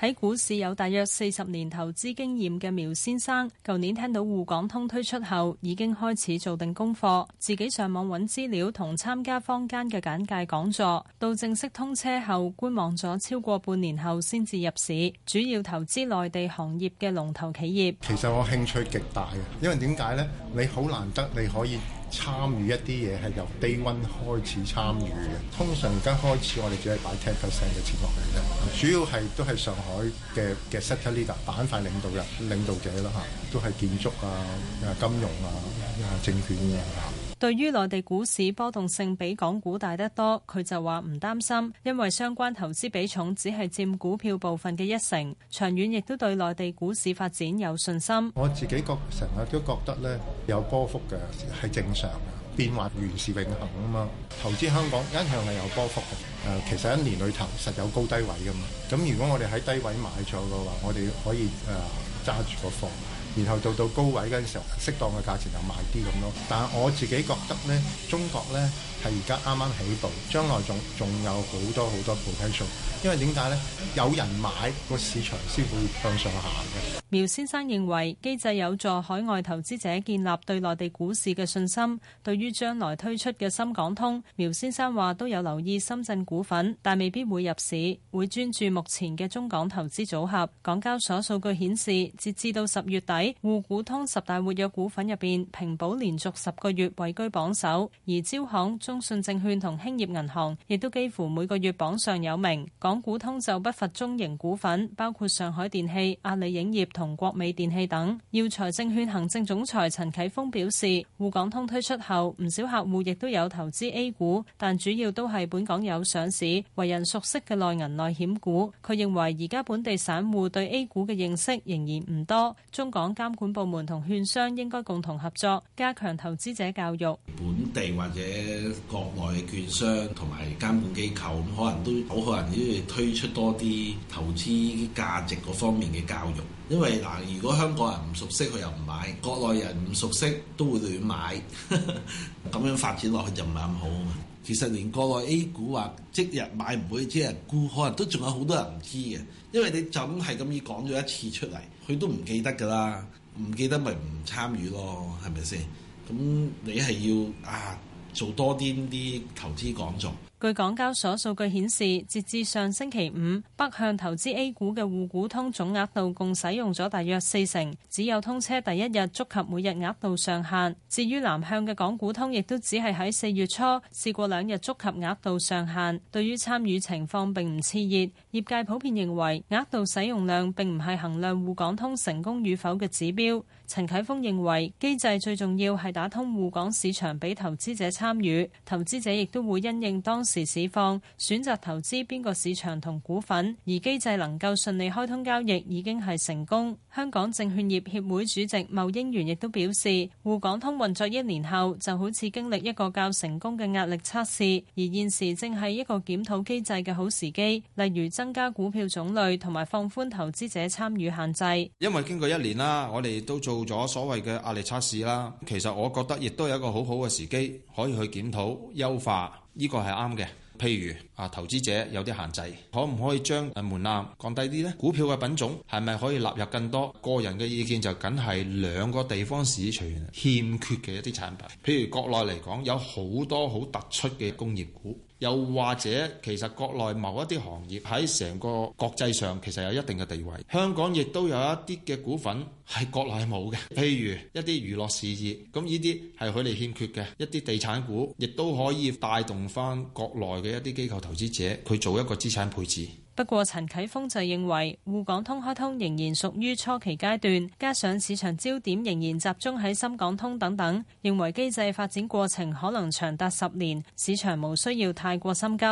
喺股市有大約四十年投資經驗嘅苗先生，舊年聽到滬港通推出後，已經開始做定功課，自己上網揾資料同參加坊間嘅簡介講座。到正式通車後，觀望咗超過半年後先至入市，主要投資內地行業嘅龍頭企業。其實我興趣極大嘅，因為點解呢？你好難得你可以。參與一啲嘢係由 day one 開始參與嘅。通常而家開始我哋只係擺 ten percent 嘅錢落嚟啫，主要係都係上海嘅嘅 sector leader 板塊領導人、領導者咯嚇，都係建築啊、金融啊、啊證券啊。對於內地股市波動性比港股大得多，佢就話唔擔心，因為相關投資比重只係佔股票部分嘅一成，長遠亦都對內地股市發展有信心。我自己覺成日都覺得咧有波幅嘅係正常嘅，變幻原是永恆啊嘛。投資香港一向係有波幅嘅，誒其實一年裏頭實有高低位噶嘛。咁如果我哋喺低位買咗嘅話，我哋可以誒揸住個貨。然後做到高位嗰陣時候，適當嘅價錢就賣啲咁咯。但係我自己覺得呢中國呢係而家啱啱起步，將來仲仲有好多好多 potential。因為點解呢？有人買個市場先會向上行嘅。苗先生認為機制有助海外投資者建立對內地股市嘅信心。對於將來推出嘅深港通，苗先生話都有留意深圳股份，但未必會入市，會專注目前嘅中港投資組合。港交所數據顯示，截至到十月底。滬股通十大活躍股份入邊，平保連續十個月位居榜首，而招行、中信證券同興業銀行亦都幾乎每個月榜上有名。港股通就不乏中型股份，包括上海電氣、阿里影業同國美電器等。耀才證券行政總裁陳啟峰表示，滬港通推出後，唔少客戶亦都有投資 A 股，但主要都係本港有上市、為人熟悉嘅內銀內險股。佢認為，而家本地散戶對 A 股嘅認識仍然唔多，中港。監管部門同券商應該共同合作，加強投資者教育。本地或者國內嘅券商同埋監管機構咁，可能都好可能都要推出多啲投資價值嗰方面嘅教育。因為嗱，如果香港人唔熟悉，佢又唔買；國內人唔熟悉，都會亂買。咁 樣發展落去就唔係咁好啊嘛。其實連國內 A 股啊，即日買唔會，即日沽，可能都仲有好多人唔知嘅，因為你就咁係咁樣講咗一次出嚟，佢都唔記得㗎啦，唔記得咪唔參與咯，係咪先？咁你係要啊做多啲啲投資講座。據港交所數據顯示，截至上星期五，北向投資 A 股嘅滬股通總額度共使用咗大約四成，只有通車第一日觸及每日額度上限。至於南向嘅港股通，亦都只係喺四月初試過兩日觸及額度上限。對於參與情況並唔熾熱，業界普遍認為額度使用量並唔係衡量滬港通成功與否嘅指標。陳啟峰認為機制最重要係打通滬港市場俾投資者參與，投資者亦都會因應當。時市況，選擇投資邊個市場同股份，而機制能夠順利開通交易，已經係成功。香港證券業協會主席茂英元亦都表示，滬港通運作一年後就好似經歷一個較成功嘅壓力測試，而現時正係一個檢討機制嘅好時機，例如增加股票種類同埋放寬投資者參與限制。因為經過一年啦，我哋都做咗所謂嘅壓力測試啦。其實我覺得亦都有一個好好嘅時機可以去檢討優化。呢個係啱嘅，譬如啊，投資者有啲限制，可唔可以將誒、啊、門檻降低啲咧？股票嘅品種係咪可以納入更多個人嘅意見？就梗係兩個地方市場欠缺嘅一啲產品，譬如國內嚟講，有好多好突出嘅工業股。又或者，其實國內某一啲行業喺成個國際上其實有一定嘅地位。香港亦都有一啲嘅股份係國內係冇嘅，譬如一啲娛樂事業，咁呢啲係佢哋欠缺嘅一啲地產股，亦都可以帶動翻國內嘅一啲機構投資者，去做一個資產配置。不過，陳啟峰就認為，滬港通開通仍然屬於初期階段，加上市場焦點仍然集中喺深港通等等，認為機制發展過程可能長達十年，市場冇需要太過心急。